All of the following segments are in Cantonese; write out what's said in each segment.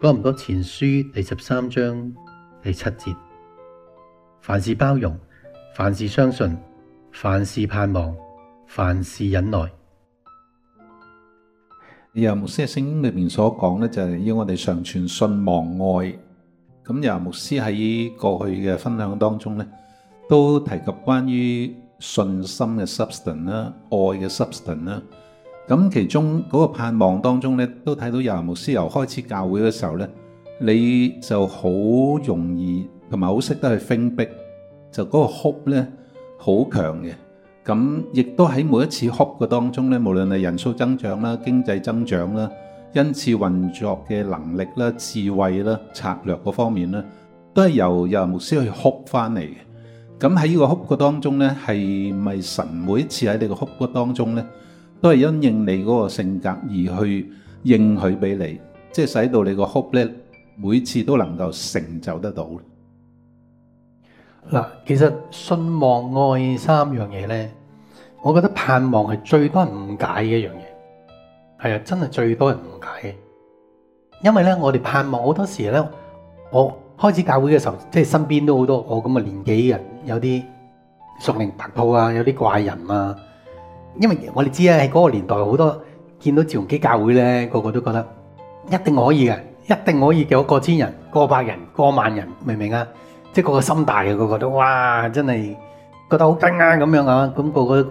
哥林多前書第十三章第七節：凡事包容，凡事相信，凡事盼望，凡事忍耐。由牧師嘅聖經裏面所講呢，就係、是、要我哋常傳信望愛。咁由牧師喺過去嘅分享當中呢，都提及關於信心嘅 substance 啦，愛嘅 substance 啦。咁其中嗰個盼望當中咧，都睇到日華牧師由開始教會嘅時候咧，你就好容易同埋好識得去分逼，就嗰個哭咧好強嘅。咁亦都喺每一次哭嘅當中咧，無論係人數增長啦、經濟增長啦、因此運作嘅能力啦、智慧啦、策略嗰方面咧，都係由日華牧師去哭翻嚟嘅。咁喺呢個哭嘅當中咧，係咪神每一次喺你嘅哭嘅當中咧？都係因應你嗰個性格而去應許俾你，即係使到你個 hope 咧，每次都能夠成就得到。嗱，其實信望愛三樣嘢咧，我覺得盼望係最多人誤解嘅一樣嘢，係啊，真係最多人誤解嘅。因為咧，我哋盼望好多時咧，我開始教會嘅時候，即係身邊都好多我咁嘅年紀人，有啲熟齡白兔啊，有啲怪人啊。因為我哋知咧，喺嗰個年代好多見到趙鏞基教會咧，個個都覺得一定可以嘅，一定可以有過千人、過百人、過萬人，明唔明啊？即係個個心大嘅，個個都哇，真係覺得好驚啊，咁樣啊！咁個個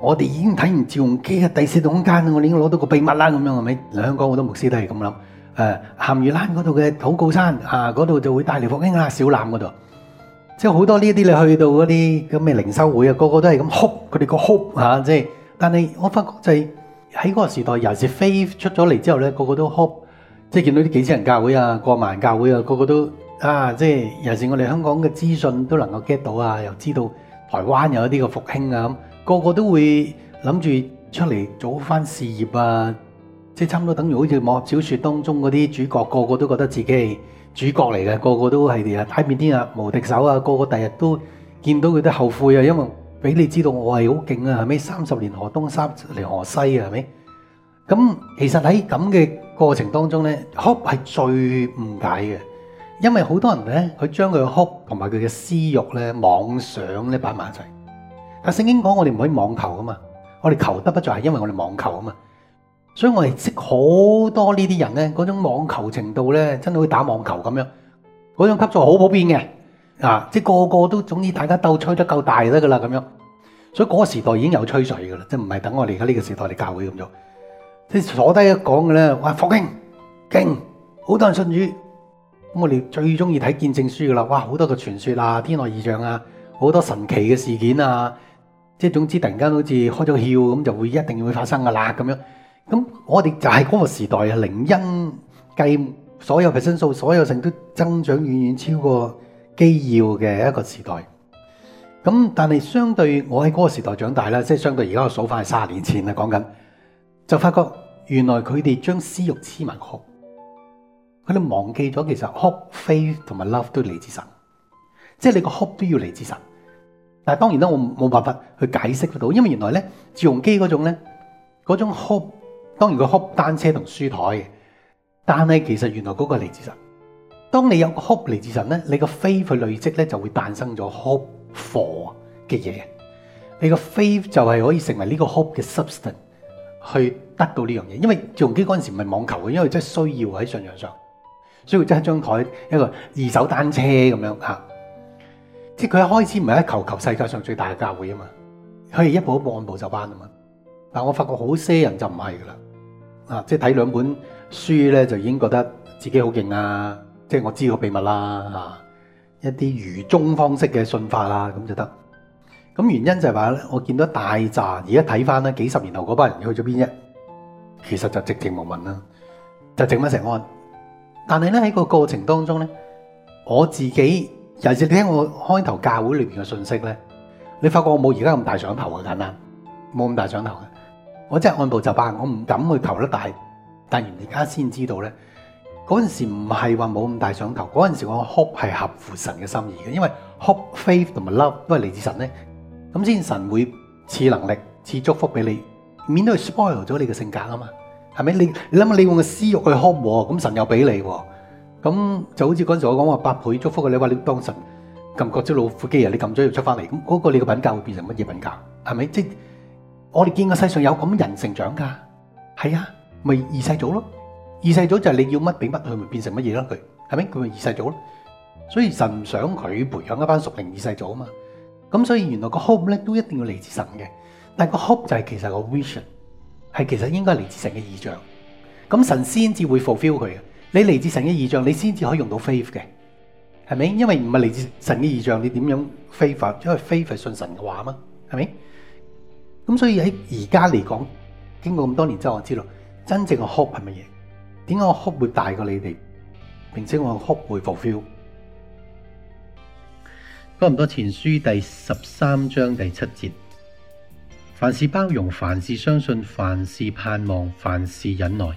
我哋已經睇完趙鏞基嘅第四度空間，我哋已經攞到個秘密啦，咁樣係咪？嚟香港好多牧師都係咁諗。誒，鹹魚欄嗰度嘅土鼓山啊，嗰度就會帶嚟復興啦，小欖嗰度。即係好多呢啲你去到嗰啲咁嘅靈修會啊，個個都係咁 hope 佢哋個 hope 吓即係。但係我發覺就係喺嗰個時代，尤其是飛出咗嚟之後咧，個個都 hope 即係見到啲幾千人教會啊、過萬教會啊，個個都啊，即係尤其是我哋香港嘅資訊都能夠 get 到啊，又知道台灣有一啲嘅復興啊，個個都會諗住出嚟做翻事業啊，即係差唔多等於好似魔小說當中嗰啲主角，個個都覺得自己。主角嚟嘅，個個都係日打遍天下、啊、無敵手啊！個個第日都見到佢都後悔啊，因為俾你知道我係好勁啊！係咪？三十年河東三十年河西啊，係咪？咁其實喺咁嘅過程當中呢，哭係最誤解嘅，因為好多人呢，佢將佢嘅哭同埋佢嘅私欲呢妄想呢擺埋一齊。但聖經講我哋唔可以妄求啊嘛，我哋求得不著係因為我哋妄求啊嘛。所以我哋識好多呢啲人咧，嗰種網球程度咧，真係好似打網球咁樣，嗰種級數好普遍嘅。啊，即係個個都總之大家都吹得夠大得噶啦咁樣。所以嗰個時代已經有吹水噶啦，即唔係等我哋而家呢個時代嚟教會咁做。即係坐低一講咧，呢，哇，係奉經經，好多人信主。咁我哋最中意睇見證書噶啦，哇！好多個傳説啊，天外異象啊，好多神奇嘅事件啊，即係總之突然間好似開咗竅咁，就會一定會發生噶啦咁樣。咁我哋就係嗰個時代，啊，零因計所有維生素、所有性都增長遠遠超過機要嘅一個時代。咁但係相對我喺嗰個時代長大啦，即係相對而家嘅數法係卅年前啦，講緊就發覺原來佢哋將私慾黐埋 hope，佢哋忘記咗其實 hope、faith 同埋 love 都嚟自神，即係你個 hope 都要嚟自神。但係當然啦，我冇辦法去解釋得到，因為原來咧趙鏞基嗰種咧嗰種 hope。Hope 當然個 hope 單車同書枱嘅，但係其實原來嗰個嚟自神，當你有個 hope 嚟自神咧，你個 faith 去累積咧就會誕生咗 hope for 嘅嘢。你個 faith 就係可以成為呢個 hope 嘅 substance 去得到呢樣嘢。因為趙鏞基嗰陣時唔係妄求嘅，因為真需要喺信仰上，需要真係張枱一個二手單車咁樣嚇。即係佢一開始唔係一求求世界上最大嘅教會啊嘛，佢係一步一步按部就班啊嘛。但我發覺好些人就唔係噶啦。啊！即係睇兩本書咧，就已經覺得自己好勁啊！即係我知個秘密啦嚇，一啲如中方式嘅信法啦，咁就得。咁原因就係話咧，我見到大賺而家睇翻咧，現在看幾十年後嗰班人去咗邊啫？其實就寂靜無聞啦，就整乜成安。但係咧喺個過程當中咧，我自己尤其是聽我開頭教會裏邊嘅信息咧，你發覺我冇而家咁大想頭嘅簡單，冇咁大想頭嘅。我真係按部就班，我唔敢去求得大。但而家先知道咧，嗰陣時唔係話冇咁大想求。嗰陣時我哭係合乎神嘅心意嘅，因為 hope、faith 同埋 love 都係嚟自神咧。咁先神會賜能力，賜祝福俾你，免得去 spoil 咗你嘅性格啊嘛。係咪？你你諗下，你用個私欲去哭，咁神又俾你，咁就好似嗰陣時我講話，百倍祝福你。話你，你當神，撳嗰隻老虎機啊，你撳咗要出翻嚟，咁嗰個你嘅品格會變成乜嘢品格？係咪？即我哋見過世上有咁人成長噶，係啊，咪二世祖咯。二世祖就係你要乜俾乜佢，咪變成乜嘢咯佢，係咪佢咪二世祖咯？所以神想佢培養一班屬靈二世祖啊嘛。咁所以原來個 hope 咧都一定要嚟自神嘅，但係個 hope 就係其實個 vision，係其實應該嚟自神嘅意象。咁神先至會 fulfill 佢嘅。你嚟自神嘅意象，你先至可以用到 faith 嘅，係咪？因為唔係嚟自神嘅意象，你點樣 faith？因為 faith 係信神嘅話嘛，係咪？所以喺而家嚟講，經過咁多年之後，我知道真正嘅哭 o p e 係乜嘢？點解我哭 o 會大過你哋？並且我的哭 p e 會復甦？多唔多？前書第十三章第七節，凡事包容，凡事相信，凡事盼望，凡事忍耐。